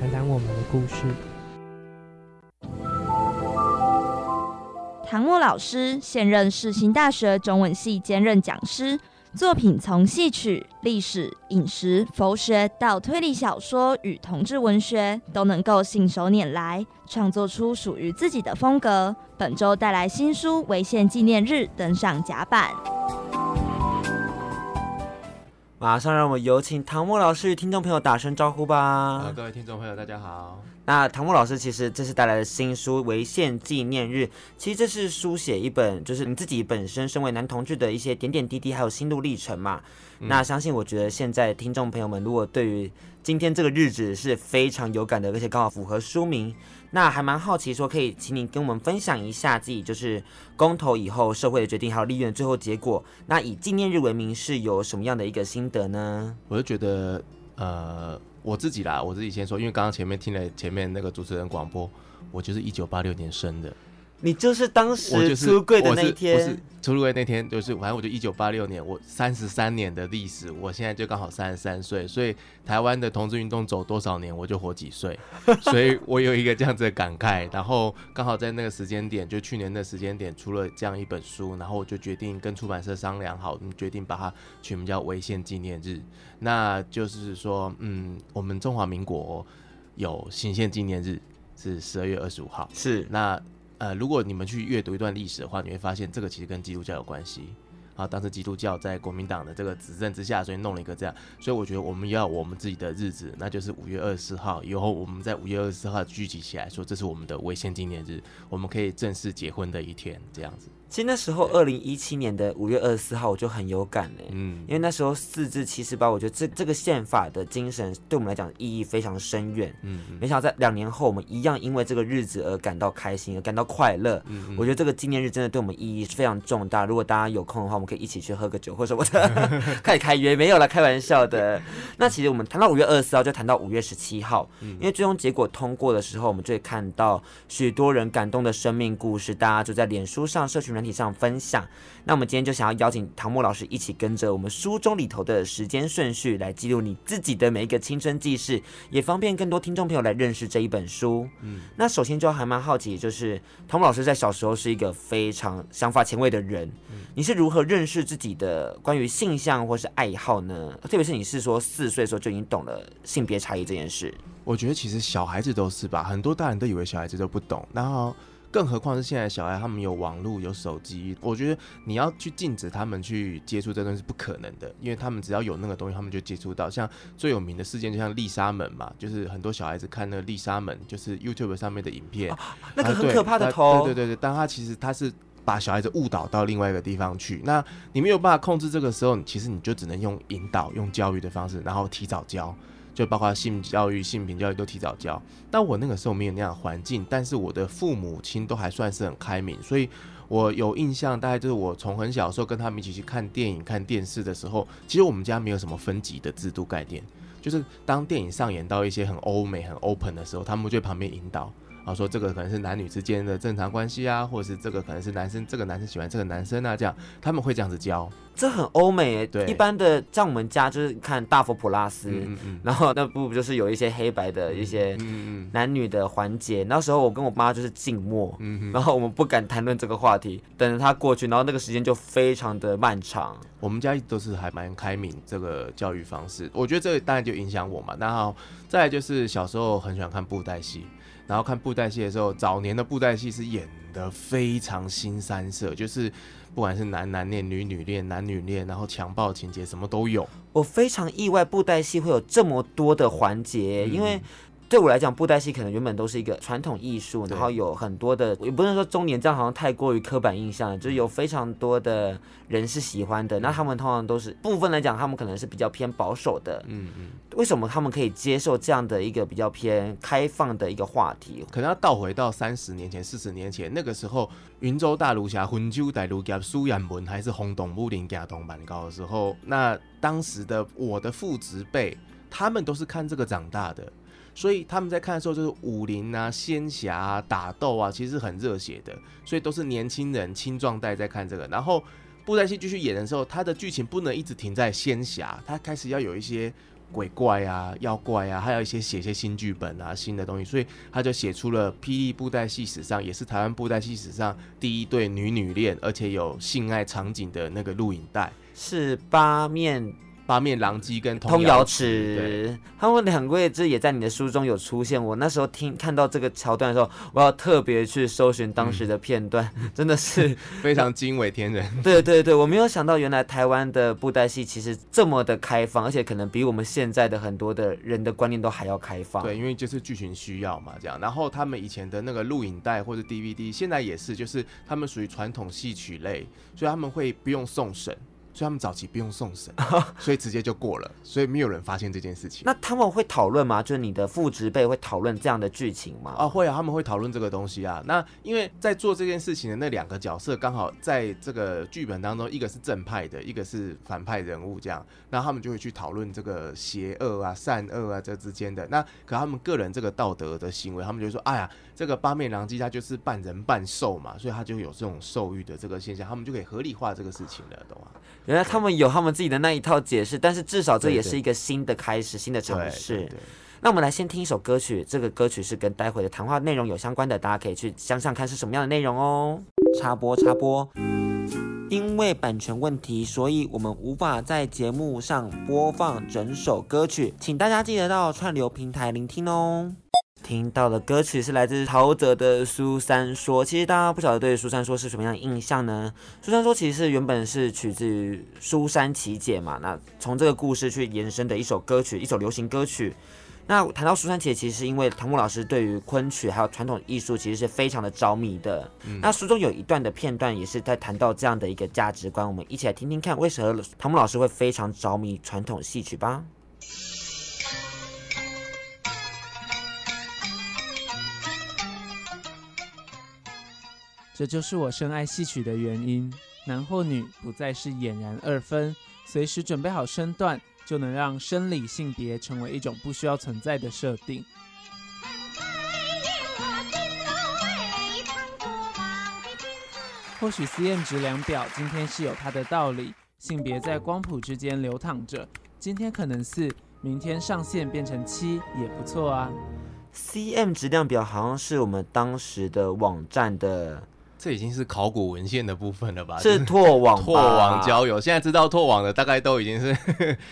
談談我們的故事。唐墨老師現任世新大學中文系兼任講師，作品從戲曲、歷史、飲食、佛學到推理小說與同志文學，都能夠信手拈來，創作出屬於自己的風格。本週帶來新書《違憲紀念日》登上甲板。馬上讓我們有請唐墨老師與聽眾朋友打聲招呼吧。好、啊，各位聽眾朋友，大家好。那唐墨老師其實這次帶來的新書《違憲紀念日》，其實這是書寫一本，就是你自己本身身為男同志的一些點點滴滴，還有心路歷程嘛、嗯。那相信我覺得現在聽眾朋友們，如果對於今天這個日子是非常有感的，而且剛好符合書名。那還蠻好奇，說可以請您跟我們分享一下自己，就是公投以後社會的決定，還有立院最後結果。那以紀念日為名，是有什麼樣的一個心得呢？我就覺得，呃，我自己啦，我自己先說，因為剛剛前面聽了前面那個主持人廣播，我就是一九八六年生的。你就是當時我、就是、出櫃的、的那天，不是出櫃那天，就是反正我就一九八六年，我三十三年的歷史，我現在就剛好三十三歲，所以台灣的同志運動走多少年，我就活幾歲，所以我有一個這樣子的感慨。 然後剛好在那個時間點，就去年的時間點出了這樣一本書，然後我就決定跟出版社商量好，嗯、決定把它取名叫《違憲紀念日》。那就是說，嗯，我們中華民國、哦、有行憲紀念日是十二月二十五號，是那。呃，如果你們去閱讀一段歷史的話，你會發現這個其實跟基督教有關係。好，當時基督教在國民黨的這個執政之下，所以弄了一個這樣。所以我覺得我們要我們自己的日子，那就是五月二十四號。以後我們在五月二十四號聚集起來，說這是我們的違憲紀念日，我們可以正式結婚的一天，這樣子。其實那時候，二零一七年的五月二十四號，我就很有感呢、欸。嗯，因為那時候釋字七四八，我覺得這這個憲法的精神對我們來講意義非常深遠。嗯，沒想到在兩年後，我們一樣因為這個日子而感到開心，而感到快樂。嗯，我覺得這個紀念日真的對我們意義非常重大。嗯、如果大家有空的話，我們可以一起去喝個酒，或者說我的 開，開始開約沒有了，開玩笑的。嗯、那其實我們談到五月二十四號，就談到五月十七號，因為最終結果通過的時候，我們就會看到許多人感動的生命故事，大家就在臉書上社群。團體上分享，那我們今天就想要邀請唐墨老師一起跟着我們書中裡頭的時間順序來記錄你自己的每一個青春記事，也方便更多聽眾朋友來認識這一本書。嗯，那首先就還蠻好奇，就是唐墨老師在小時候是一個非常想法前衛的人，嗯，你是如何認識自己的關於性向或是愛好呢？特別是你是說四歲的時候就已經懂了性別差異這件事？我覺得其實小孩子都是吧，很多大人都以為小孩子都不懂，然後。更何況是現在小孩，他們有網絡、有手機，我覺得你要去禁止他們去接觸這段是不可能的，因為他們只要有那個東西，他們就接觸到。像最有名的事件，就像麗莎門嘛，就是很多小孩子看那個麗莎門，就是 YouTube 上面的影片，啊、那個、啊、很可怕的頭。對對對對，但他其實他是把小孩子誤導到另外一個地方去。那你沒有辦法控制這個時候，其實你就只能用引導、用教育的方式，然後提早教。就包括性教育、性平教育都提早教。但我那個時候沒有那樣環境，但是我的父母親都還算是很開明，所以我有印象，大概就是我從很小的時候跟他們一起去看電影、看電視的時候，其實我們家沒有什麼分級的制度概念，就是當電影上演到一些很歐美、很 open 的時候，他們就在旁邊引導。然後說這個可能是男女之間的正常關係啊，或者是這個可能是男生，這個男生喜歡這個男生啊，這樣他們會這樣子教，這很歐美耶。對，一般的像我們家就是看大佛普拉斯，嗯嗯，然後那不就是有一些黑白的一些男女的環節？嗯嗯，那時候我跟我媽就是靜默嗯嗯，然後我們不敢談論這個話題，等着他過去，然後那個時間就非常的漫長。我們家都是還蠻開明這個教育方式，我覺得這個當然就影響我嘛。然後再來就是小時候很喜歡看布袋戲。然後看布袋戲的時候，早年的布袋戲是演得非常新三色，就是不管是男男戀、女女戀、男女戀，然後強暴情節什麼都有。我非常意外布袋戲會有這麼多的環節，嗯、因為。對我來講，布袋戲可能原本都是一個傳統藝術，然後有很多的，也不能說中年這樣好像太過於刻板印象，就是有非常多的人是喜歡的。嗯、那他們通常都是部分來講，他們可能是比較偏保守的。嗯嗯。為什麼他們可以接受這樣的一個比較偏開放的一個話題？可能要倒回到三十年前、四十年前那個時候，雲州大儒俠、魂州大儒俠、史艷文還是轟動武林、驚動萬教的時候，那當時的我的父執輩，他們都是看這個長大的。所以他們在看的時候就是武林啊、仙俠啊、打鬥啊，其實是很熱血的，所以都是年輕人、青壯代在看這個。然後布袋戲繼續演的時候，他的劇情不能一直停在仙俠，他開始要有一些鬼怪啊、妖怪啊，還有一些寫些新劇本啊、新的東西，所以他就寫出了霹靂布袋戲史上，也是台灣布袋戲史上第一對女女戀，而且有性愛場景的那個錄影帶，是八面。八面狼姬跟通瑤池，通瑤池，他們兩位也在你的書中有出現。我那時候聽看到這個橋段的時候，我要特別去搜尋當時的片段，嗯、 真的是 非常驚為天人。 對對對，我沒有想到原來台灣的布袋戲其實這麼的開放，而且可能比我們現在的很多的人的觀念都還要開放。對，因為就是劇情需要嘛，這樣。然後他們以前的那個錄影帶或者 DVD，現在也是，就是他們屬於傳統戲曲類，所以他們會不用送審。所以他們早期不用送審，所以直接就過了，所以沒有人發現這件事情。 那他們會討論嗎？就是你的父執輩會討論這樣的劇情嗎？啊、哦，會啊，他們會討論這個東西啊。那因為在做這件事情的那兩個角色，剛好在這個劇本當中，一個是正派的，一個是反派人物這樣，那他們就會去討論這個邪惡啊、善惡啊這之間的。那可他們個人這個道德的行為，他們就會說：“哎呀。”這個八面狼姬他就是半人半獸嘛，所以他就有這種獸慾的這個現象，他們就可以合理化這個事情了，懂嗎、啊？原來他們有他們自己的那一套解釋，但是至少這也是一個新的開始，對對新的嘗試。那我們來先聽一首歌曲，這個歌曲是跟待會的談話內容有相關的，大家可以去想想看是什麼樣的內容哦。插播插播，因為版權問題，所以我們無法在節目上播放整首歌曲，請大家記得到串流平台聆聽哦。聽到的歌曲是來自陶喆的《蘇三說》。其實大家不曉得對《蘇三說》是什麼樣的印象呢？《蘇三說》其實原本是取自於《蘇三起解》嘛。那從這個故事去延伸的一首歌曲，一首流行歌曲。那談到《蘇三起解》，其實是因為唐墨老師對於崑曲還有傳統藝術其實是非常的着迷的、嗯。那書中有一段的片段也是在談到這樣的一個價值觀。我們一起來聽聽看，為什麼唐墨老師會非常着迷傳統戲曲吧。這就是我深愛戲曲的原因。男或女不再是儼然二分，隨時準備好身段，就能讓生理性別成為一種不需要存在的設定。或許 C M 值量表今天是有它的道理，性別在光譜之間流淌着，今天可能四，明天上線變成七也不錯啊。C M 值量表好像是我們當時的網站的。這已經是考古文獻的部分了吧？是拓網，就是、拓網交友。現在知道拓網的，大概都已經是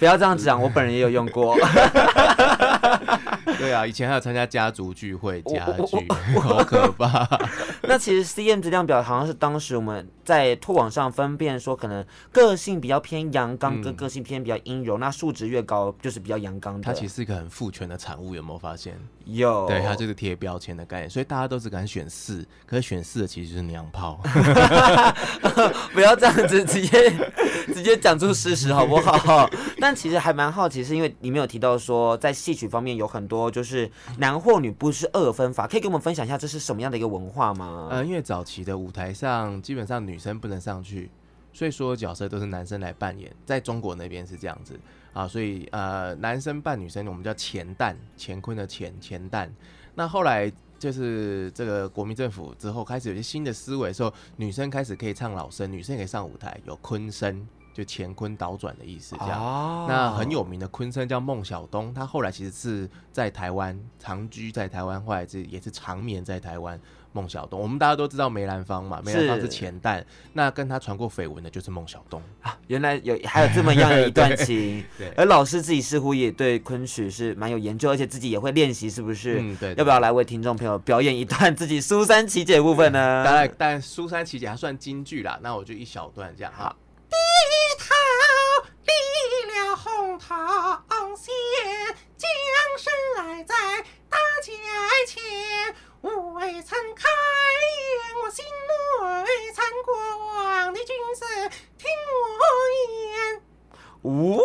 不要這樣講。 我本人也有用過。 對啊，以前還有參加家族聚會，哦、家族好、哦哦、可怕。 那其實 C M 值量表，好像是當時我們在拓網上分辨說，可能個性比較偏陽剛，跟個性偏比較陰柔。嗯、那數值越高，就是比較陽剛的。它其實是一個很父權的產物，有沒有發現？有。對，它就是貼標籤的概念，所以大家都只敢選四，可是，選四的其實是娘炮。 不要這樣子直，直接直接講出事實好不好？ 但其實還蠻好奇，是因為你沒有提到說在戲曲方面，有很多就是男或女不是二分法，可以給我們分享一下這是什麼樣的一個文化嗎？呃，因為早期的舞台上基本上女生不能上去，所以說角色都是男生來扮演。在中國那邊是這樣子啊，所以呃男生扮女生，我們叫乾旦，乾坤的乾，乾旦。那後來就是這個國民政府之後開始有些新的思維，的時候女生開始可以唱老生，女生也可以上舞台有坤生，就乾坤倒轉的意思，這樣，哦。那很有名的坤生叫孟小冬，他後來其實是在台灣長居，在台灣或者是也是長眠在台灣。孟小冬，我們大家都知道梅蘭芳嘛，梅蘭芳是乾旦，那跟他傳過緋聞的就是孟小冬。啊，原來有還有這麼樣的一段情 對。對。而老師自己似乎也對崑曲是蠻有研究，而且自己也會練習，是不是？嗯，對，對,對。要不要來為聽眾朋友表演一段自己蘇三起解部分呢？當、嗯、然，但蘇三起解還算京劇啦，那我就一小段這樣哈。逃離了洪洞縣，將身來在大街前。未曾開言，我心內未曾慘，過往的君子聽我言。哦，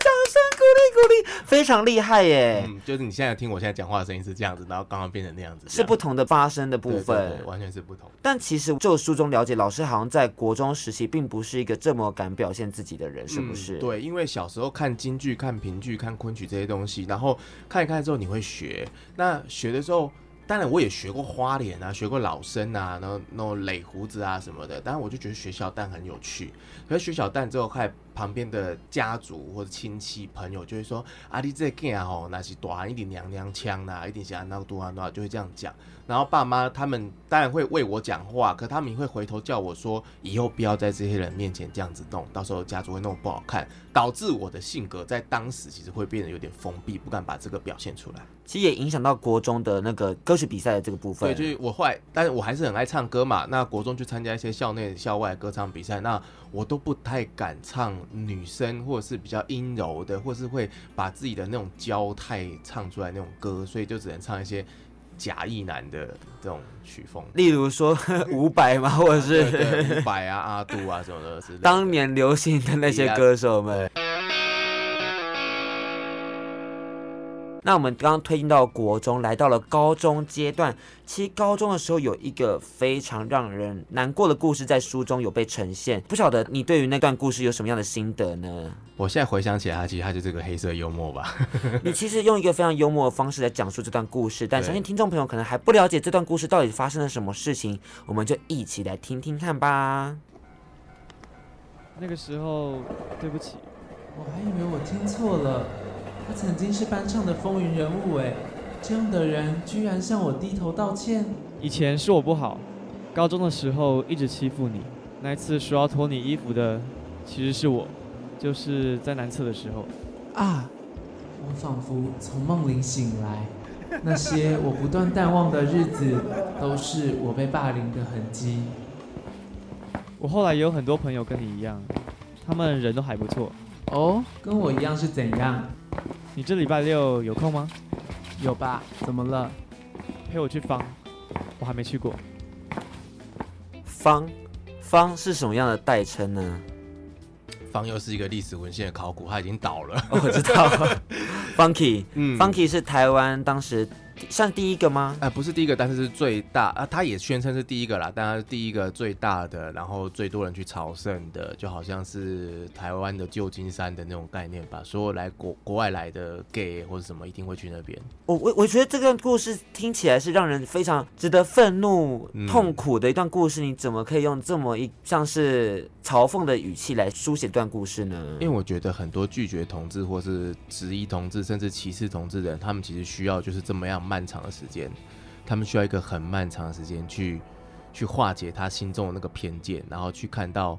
掌聲鼓勵鼓勵，非常厲害耶！嗯，就是你現在聽我現在講話的聲音是這樣子，然後剛剛變成那樣子、這樣子，是不同的發聲的部分，對對對，完全是不同。但其實就書中了解，老師好像在國中時期並不是一個這麼敢表現自己的人，是不是？嗯、對，因為小時候看京劇、看評劇、看昆曲這些東西，然後看一看之後你會學。那學的時候，當然我也學過花臉啊，學過老生啊，然後那種勒胡子啊什麼的。但是我就覺得學小旦很有趣，可是學小旦之後還。旁邊的家族或者親戚朋友就會說：“阿、啊、弟這囝哦，那是多一點娘娘腔啊，一點啥那個多啊多就會這樣講。”然後爸媽他們當然會為我講話，可他們也會回頭叫我說：“以後不要在這些人面前這樣子弄，到時候家族會弄不好看。”導致我的性格在當時其實會變得有點封閉，不敢把這個表現出來。其實也影響到國中的那個歌曲比賽的這個部分。對，就是我壞，但是我還是很愛唱歌嘛。那國中去參加一些校內、校外歌唱比賽，那。我都不太敢唱女生，或者是比較陰柔的，或是會把自己的那種嬌態唱出來那種歌，所以就只能唱一些假意男的這種曲風，例如說伍佰嘛，呵呵伍佰 或者是伍佰啊、阿杜啊， 啊，啊什麼的，的，當年流行的那些歌手們。那我們剛剛推進到國中，來到了高中階段。其實高中的時候有一個非常讓人難過的故事，在書中有被呈現。不曉得你對於那段故事有什麼樣的心得呢？我現在回想起來，它其實它就是一個黑色幽默吧。 你其實用一個非常幽默的方式來講述這段故事，但相信聽眾朋友可能還不了解這段故事到底發生了什麼事情。我們就一起來聽聽看吧。那個時候，對不起，我還以為我聽錯了。他曾經是班上的風雲人物哎，這樣的人居然向我低頭道歉。以前是我不好，高中的時候一直欺負你。那一次說要脫你衣服的，其實是我，就是在男廁的時候。啊！我仿佛從夢裡醒來，那些我不斷淡忘的日子，都是我被霸凌的痕跡。我後來也有很多朋友跟你一樣，他們人都還不錯。哦、oh，跟我一樣是怎樣？你這禮拜六有空嗎？有吧？怎麼了？陪我去方，我還沒去過。方，方是什麼樣的代稱呢？方又是一個歷史文獻的考古，他已經倒了。哦，我知道了 ，Funky，嗯，Funky 是台灣當時。算第一個嗎？哎、呃，不是第一個，但是是最大啊！他也宣稱是第一個啦，但他是第一個最大的，然後最多人去朝聖的，就好像是台灣的舊金山的那種概念吧。所有來國國外來的 gay 或者什麼，一定會去那邊。我我我覺得這個故事聽起來是讓人非常值得憤怒、嗯、痛苦的一段故事。你怎麼可以用這麼一像是嘲諷的語氣來書寫段故事呢？因為我覺得很多拒絕同志或是質疑同志甚至歧視同志的人，他們其實需要就是這麼樣。漫長的時間，他們需要一個很漫長的時間去去化解他心中的那個偏見，然後去看到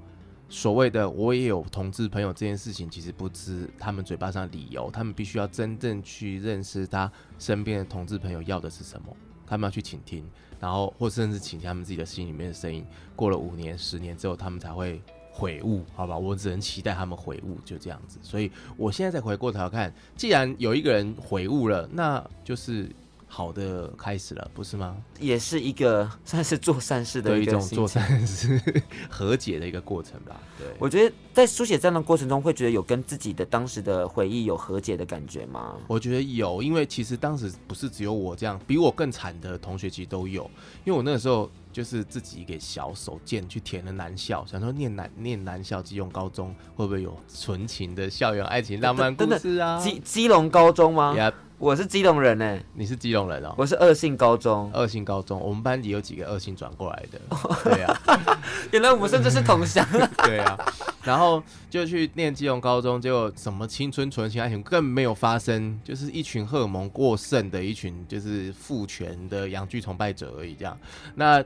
所謂的我也有同志朋友這件事情，其實不知他們嘴巴上的理由，他們必須要真正去認識他身邊的同志朋友要的是什麼，他們要去傾聽，然後或甚至傾聽他們自己的心裡面的聲音。過了五年、十年之後，他們才會悔悟，好吧？我只能期待他們悔悟，就這樣子。所以我現在再回過頭看，既然有一個人悔悟了，那就是。好的開始了，不是嗎？也是一個算是做善事的一個，對，一種，做善事和解的一個過程吧。對我覺得在書寫這樣的過程中，會覺得有跟自己的當時的回憶有和解的感覺嗎？我覺得有，因為其實當時不是只有我這樣，比我更慘的同學其實都有。因為我那個時候就是自己給小手賤去填了男校，想說念男念男校，基隆高中會不會有純情的校園愛情浪漫故事啊？等等基基隆高中嗎？Yeah. 我是基隆人呢、欸嗯，你是基隆人哦、喔。我是二信高中，二信高中，我們班級有幾個二信轉過來的，哦、對啊， 原來我們甚至是同鄉， 對啊，然後就去念基隆高中，結果什麼青春純情愛情更沒有發生，就是一群荷爾蒙過剩的一群，就是父權的陽具崇拜者而已，這樣，那。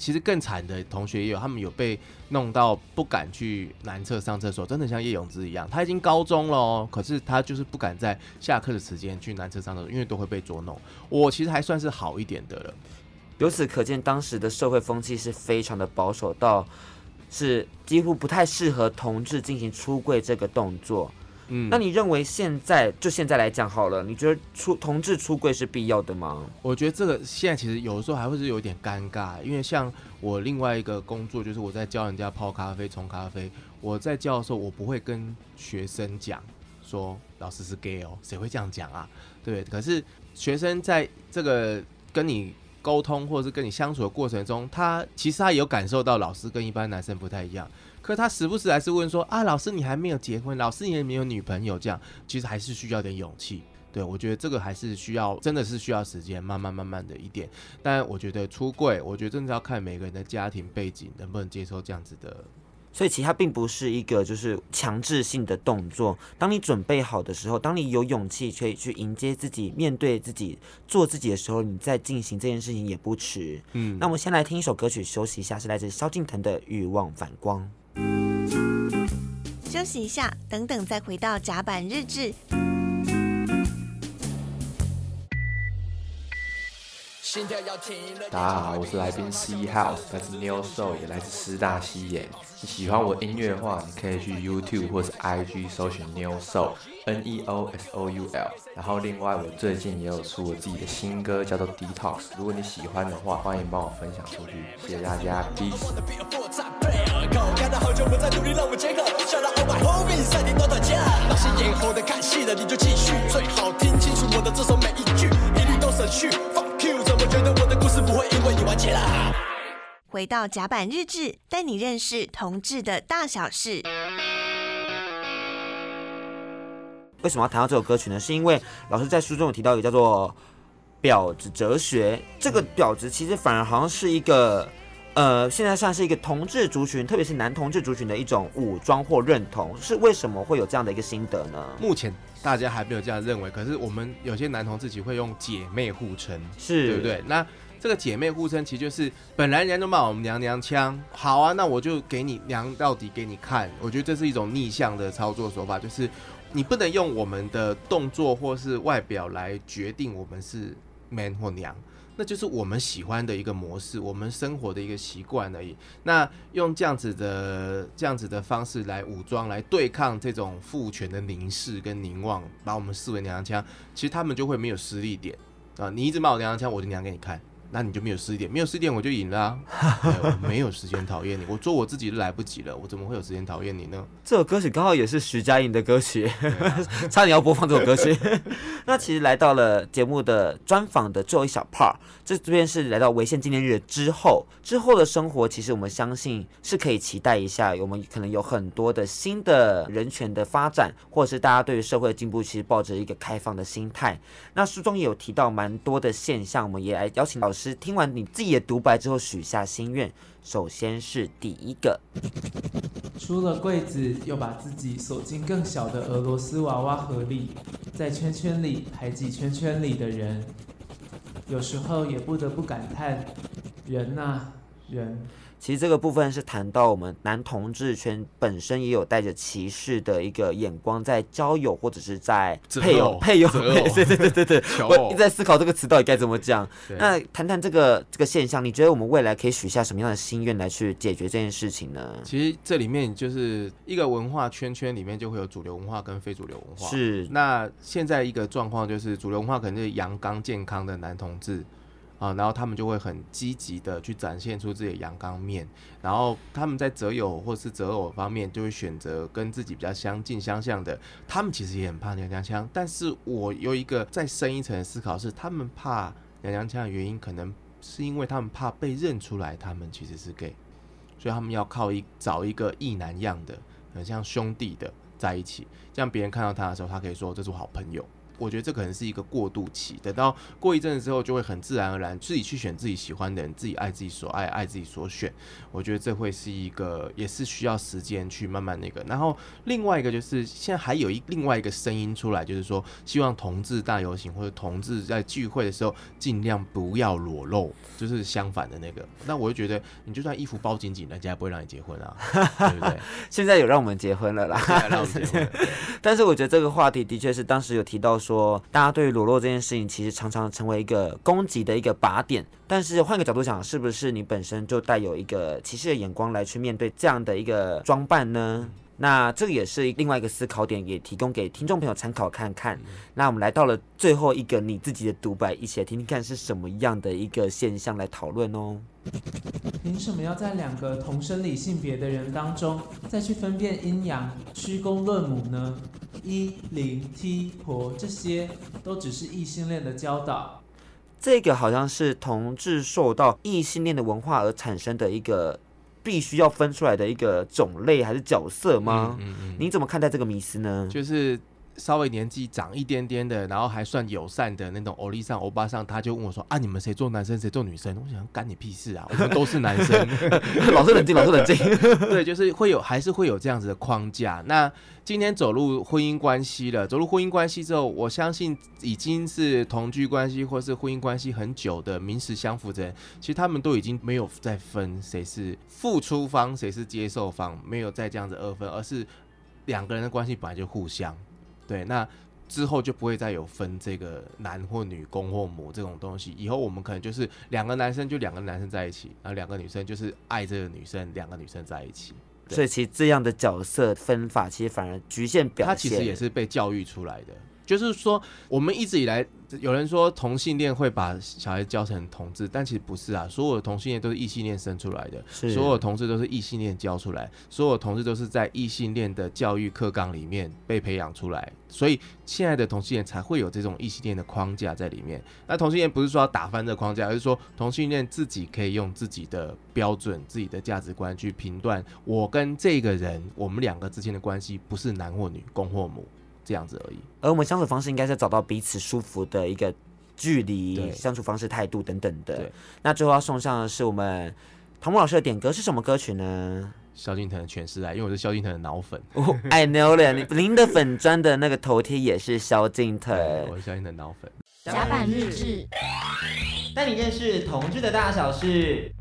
其實更慘的同學也有，他們有被弄到不敢去男廁上廁所，真的像葉永鋕一樣，他已經高中了哦，可是他就是不敢在下課的時間去男廁上廁所，因為都會被捉弄。我其實還算是好一點的了。由此可見，當時的社會風氣是非常的保守，倒是幾乎不太適合同志進行出櫃這個動作。嗯，那你認為現在就現在來講好了。你覺得出同志出櫃是必要的嗎？我覺得這個現在其實有的時候還會是有點尷尬，因為像我另外一個工作就是我在教人家泡咖啡、沖咖啡，我在教的時候我不會跟學生講說老師是 gay 哦，誰會這樣講啊？對不對？可是學生在這個跟你溝通或者是跟你相處的過程中，他其實他也有感受到老師跟一般男生不太一樣。可他時不時還是問說啊，老師你還沒有結婚，老師你也沒有女朋友，這樣其實還是需要點勇氣。對，我覺得這個還是需要，真的是需要時間，慢慢慢慢的一點。但我覺得出櫃，我覺得真的要看每個人的家庭背景能不能接受這樣子的。所以其實它並不是一個就是強制性的動作。當你準備好的時候，當你有勇氣去去迎接自己、面對自己、做自己的時候，你再進行這件事情也不遲。嗯，那我們先來聽一首歌曲休息一下，是來自蕭敬騰的《慾望反光》。休息一下，等等再回到甲板日誌。大家好，我是來賓 Sea House，來自 Neo Soul，也來自師大西演。你喜歡我的音樂的話，你可以去 YouTube 或是 IG 搜尋 Neo Soul N E O S O U L。然後另外，我最近也有出我自己的新歌，叫做 Detox。如果你喜歡的話，歡迎幫我分享出去，謝謝大家！Peace 回到甲板日誌，帶你認識同志的大小事。為什麼要談到這首歌曲呢？是因為老師在書中有提到一個叫做“婊子哲學”，這個“婊子”其實反而好像是一個。呃，現在算是一個同志族群，特別是男同志族群的一種武裝或認同，是為什麼會有這樣的一個心得呢？目前大家還沒有這樣認為，可是我們有些男同志其實會用姐妹互稱，是對不對？那這個姐妹互稱其實就是本來人家都罵我們娘娘腔，好啊，那我就給你娘到底給你看。我覺得這是一種逆向的操作手法，就是你不能用我們的動作或是外表來決定我們是 man 或娘。那就是我們喜歡的一個模式，我們生活的一個習慣而已。那用這樣子的這樣子的方式來武裝，來對抗這種父權的凝視跟凝望，把我們視為娘娘腔，其實他們就會沒有施力點啊！你一直罵我娘娘腔，我就娘給你看。那你就沒有時點沒有時點我就贏了、啊、 沒有時間討厭你，我做我自己都來不及了，我怎麼會有時間討厭你呢？這首歌曲剛好也是徐佳瑩的歌曲，啊、 差點要播放這首歌曲。 那其實來到了節目的專訪的最後一小 part，這這邊是來到違憲紀念日之後，之後的生活其實我們相信是可以期待一下，我們可能有很多的新的人權的發展，或者是大家對於社會的進步其實抱着一個開放的心態。那書中也有提到蠻多的現象，我們也來邀請老師。是聽完你自己的獨白之後許下心願。首先是第一個，出了櫃子，又把自己鎖進更小的俄羅斯娃娃盒裡，在圈圈裡排擠圈圈裡的人，有時候也不得不感嘆：人吶、啊，人。其實這個部分是談到我們男同志圈本身也有帶着歧視的一個眼光在交友或者是在配偶，哦、配偶，哦、對對對對對，我一直在思考這個詞到底該怎麼講。那談談這個這個現象，你覺得我們未來可以許下什麼樣的心願來去解決這件事情呢？其實這裡面就是一個文化圈圈裡面就會有主流文化跟非主流文化。是。那現在一個狀況就是主流文化肯定是陽剛健康的男同志。啊，然後他們就會很積極的去展現出自己的陽剛面，然後他們在擇友或是擇偶方面就會選擇跟自己比較相近相像的。他們其實也很怕娘娘腔，但是我有一個再深一層的思考是，他們怕娘娘腔的原因可能是因為他們怕被認出來，他們其實是 gay，所以他們要靠一，找一個異男樣的，很像兄弟的在一起，這樣別人看到他的時候，他可以說這是我好朋友。我覺得這可能是一個過渡期，等到過一陣子之後，就會很自然而然自己去選自己喜歡的人，自己愛自己所愛，愛自己所選。我覺得這會是一個，也是需要時間去慢慢那個。然後另外一個就是，現在還有一另外一個聲音出來，就是說希望同志大遊行或者同志在聚會的時候盡量不要裸露，就是相反的那個。那我就覺得，你就算衣服包緊緊人家也不會讓你結婚啊 對不對？現在有讓我們結婚了啦，了對 但是我覺得這個話題的確是當時有提到說。說，大家對於裸露這件事情，其實常常成為一個攻擊的一個靶點。但是換個角度想，是不是你本身就帶有一個歧視的眼光來去面對這樣的一個裝扮呢？那這個也是另外一個思考點，也提供給聽眾朋友參考看看。那我們來到了最後一個，你自己的獨白，一起來聽聽看是什麼樣的一個現象來討論哦。憑什麼要在兩個同生理性別的人當中，再去分辨陰陽、屈公論母呢？一零 T 婆這些都只是異性戀的教導，這個好像是同志受到異性戀的文化而產生的一個必須要分出來的一個種類還是角色嗎？嗯嗯嗯、你怎麼看待這個迷思呢？就是。稍微年紀長一點點的，然後還算友善的那種，歐里桑歐巴桑，他就問我說：“啊，你們誰做男生，誰做女生？”我想干你屁事啊，我們都是男生， 老師冷靜，老師冷靜。 對，就是會有，還是會有這樣子的框架。那今天走入婚姻關係了，走入婚姻關係之後，我相信已經是同居關係或是婚姻關係很久的名實相符的人，其實他們都已經沒有再分誰是付出方，誰是接受方，沒有再這樣子二分，而是兩個人的關係本來就互相。對，那之後就不會再有分這個男或女、公或母這種東西。以後我們可能就是兩個男生就兩個男生在一起，然後兩個女生就是愛這個女生，兩個女生在一起。所以其實這樣的角色分法，其實反而局限表現。他其實也是被教育出來的。就是說，我們一直以來有人說同性戀會把小孩教成同志，但其實不是啊。所有的同性戀都是異性戀生出來的，所有同志都是異性戀教出來，所有同志都是在異性戀的教育課綱裡面被培養出來，所以現在的同性戀才會有這種異性戀的框架在裡面。那同性戀不是說要打翻這框架，而是說同性戀自己可以用自己的標準、自己的價值觀去評斷我跟這個人，我們兩個之間的關係不是男或女、公或母。這樣子而已，而我們相處方式應該是找到彼此舒服的一個距離、相處方式、態度等等的，對。那最後要送上的是我們唐墨老師的點歌，是什麼歌曲呢？蕭敬騰的《全是愛》，因為我是蕭敬騰的腦粉。哦，I know 了！您的粉專的那個頭貼也是蕭敬騰，我是蕭敬騰的腦粉。甲板日誌帶你認識同志的大小事。